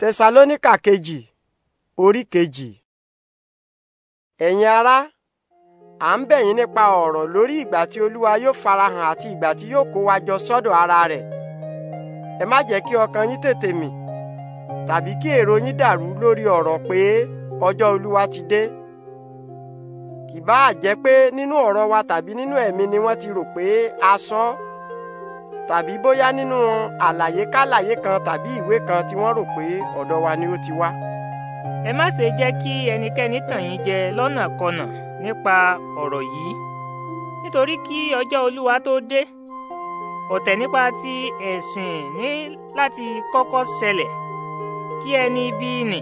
tesalonika keji orí keji ẹ̀yin ara à ń bẹ̀ yín nípa ọ̀rọ̀ lórí ìgbà tí olúwa yóò farahàn àti ìgbà tí yóò kó wa sọ́dọ̀ ara rẹ̀ ẹ má jẹ́ kí ọkàn yín tètè mì tàbí kí èrò yín dàrú lórí ọ̀rọ̀ pé ọjọ́ olúwa ti dé kì bá jẹ́ pé nínú ọ̀rọ̀ wa tàbí nínú ẹ̀mí ni wọ́n ti rò pé a sọ ọ́ tàbí bóyá nínú àlàyé kálàyé kan tàbí ìwé kan tí wọ́n rò pé ọ̀dọ̀ wa ni ó ti wá. ẹ má ṣe jẹ́ kí ẹnikẹ́ni tàn yín jẹ lọ́nàkọnà nípa ọ̀rọ̀ yìí nítorí kí ọjọ́ olúwa tó dé ọ̀tẹ̀ nípa ti ẹ̀sìn ní láti kọ́kọ́ ṣẹlẹ̀ kí ẹni ibi nì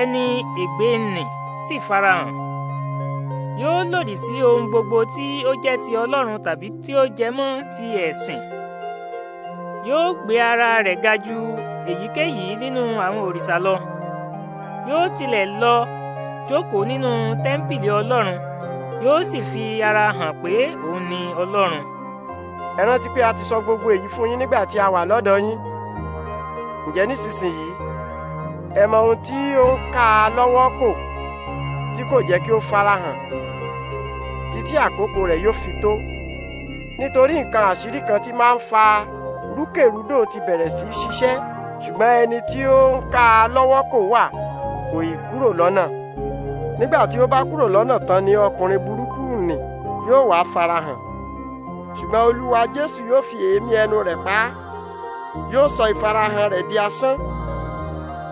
ẹni ègbé nì sì farahàn yóò lòdì sí ohun gbogbo tí ó jẹ́ ti ọlọ́run tàbí tí ó jẹ mọ́ ti ẹ̀sìn. E yóò gbé ara rẹ̀ ga ju èyíkéyìí nínú àwọn òrìṣà lọ yóò tilẹ̀ lọ jókòó nínú tẹ́ḿpìlì ọlọ́run yóò sì fi ara hàn pé òun ni ọlọ́run. ẹ rántí pé a ti sọ gbogbo èyí fún yín nígbà tí a wà lọ́dọ̀ yín ǹjẹ́ nísinsìnyí ẹ mọ ohun tí ó ń ká a lọ́wọ́ kò tí kò jẹ́ kí ó farahàn títí àkókò rẹ̀ yóò fi tó nítorí nǹkan àṣírí kan tí máa ń fa rúkèrúdò ti bẹ̀rẹ̀ sí í ṣiṣẹ́ ṣùgbọ́n ẹni tí ó ń ká a lọ́wọ́ kò wà kò ì kúrò lọ́nà nígbà tí ó bá kúrò lọ́nà tán ni ọkùnrin burúkú nì yóò wá farahàn ṣùgbọ́n olúwa jésù yóò fi èémí ẹnu rẹ̀ pa á yóò sọ ìfarahàn rẹ̀ di asán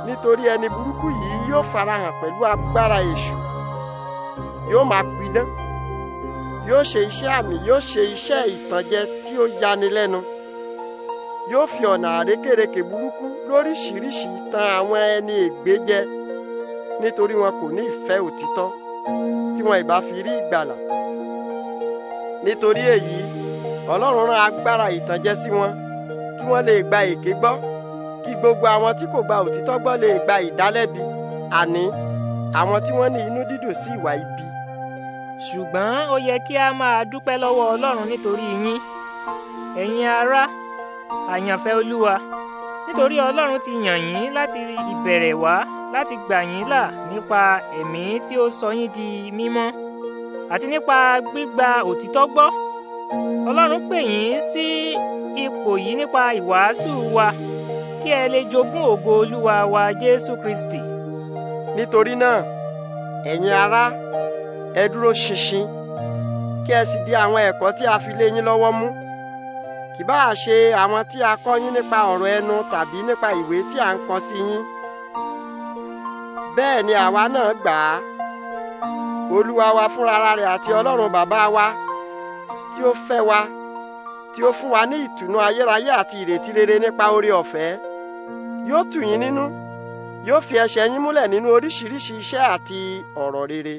nítorí ẹni burúkú yìí yóò farahàn pẹ̀lú agbára èṣù yóò máa pidán yóò ṣe iṣẹ́ àmì yóò ṣe iṣẹ́ ìtànjẹ tí ó yani lẹ́nu yóò fi ọ̀nà àrékèrèkè burúkú lóríṣiríṣi tan àwọn ẹni ègbé jẹ nítorí wọn kò ní ìfẹ́ òtítọ́ tí wọn ìbá fi rí ìgbàlà nítorí èyí ọlọ́run rán agbára ìtànjẹ sí wọn kí wọ́n lè gba èké gbọ́ kí gbogbo àwọn tí kò gba òtítọ́ gbọ́ lè gba ìdálẹ́bi àní àwọn tí wọ́n ní inú dídùn sí ìwà ibi. ṣùgbọ́n ó yẹ kí a máa dúpẹ́ lọ́wọ́ ọlọ́run nítorí yín ẹ̀yin ará àyànfẹ́ olúwa nítorí ọlọ́run ti yàn yín láti ìbẹ̀rẹ̀ wá láti gbà yín là nípa ẹ̀mí tí ó sọ yín di mímọ́ àti nípa gbígba òtítọ́ gbọ́ ọlọ́run pè yín sí ipò yìí nípa ìwàásù wa kí ẹ lè jogún ògo olúwa wa jésù kristi. nítorí náà ẹ̀yin ará ẹ dúró ṣinṣin kí ẹ sì di àwọn ẹ̀kọ́ tí a fi lé yín lọ́wọ́ mú kì bá a ṣe àwọn tí a kọ́ yín nípa ọ̀rọ̀ ẹnu tàbí nípa ìwé tí a ń kọ sí yín bẹ́ẹ̀ ni àwa náà gbà á olúwa wa fúnra rẹ̀ àti ọlọ́run bàbá wa tí ó fẹ́ wa tí ó fún wa ní ìtùnú ayérayé àti ìrètí rere nípa oore ọ̀fẹ́ yóò tù yín nínú yóò fi ẹsẹ̀ yín múlẹ̀ nínú oríṣiríṣi iṣẹ́ àti ọ̀rọ̀ rere.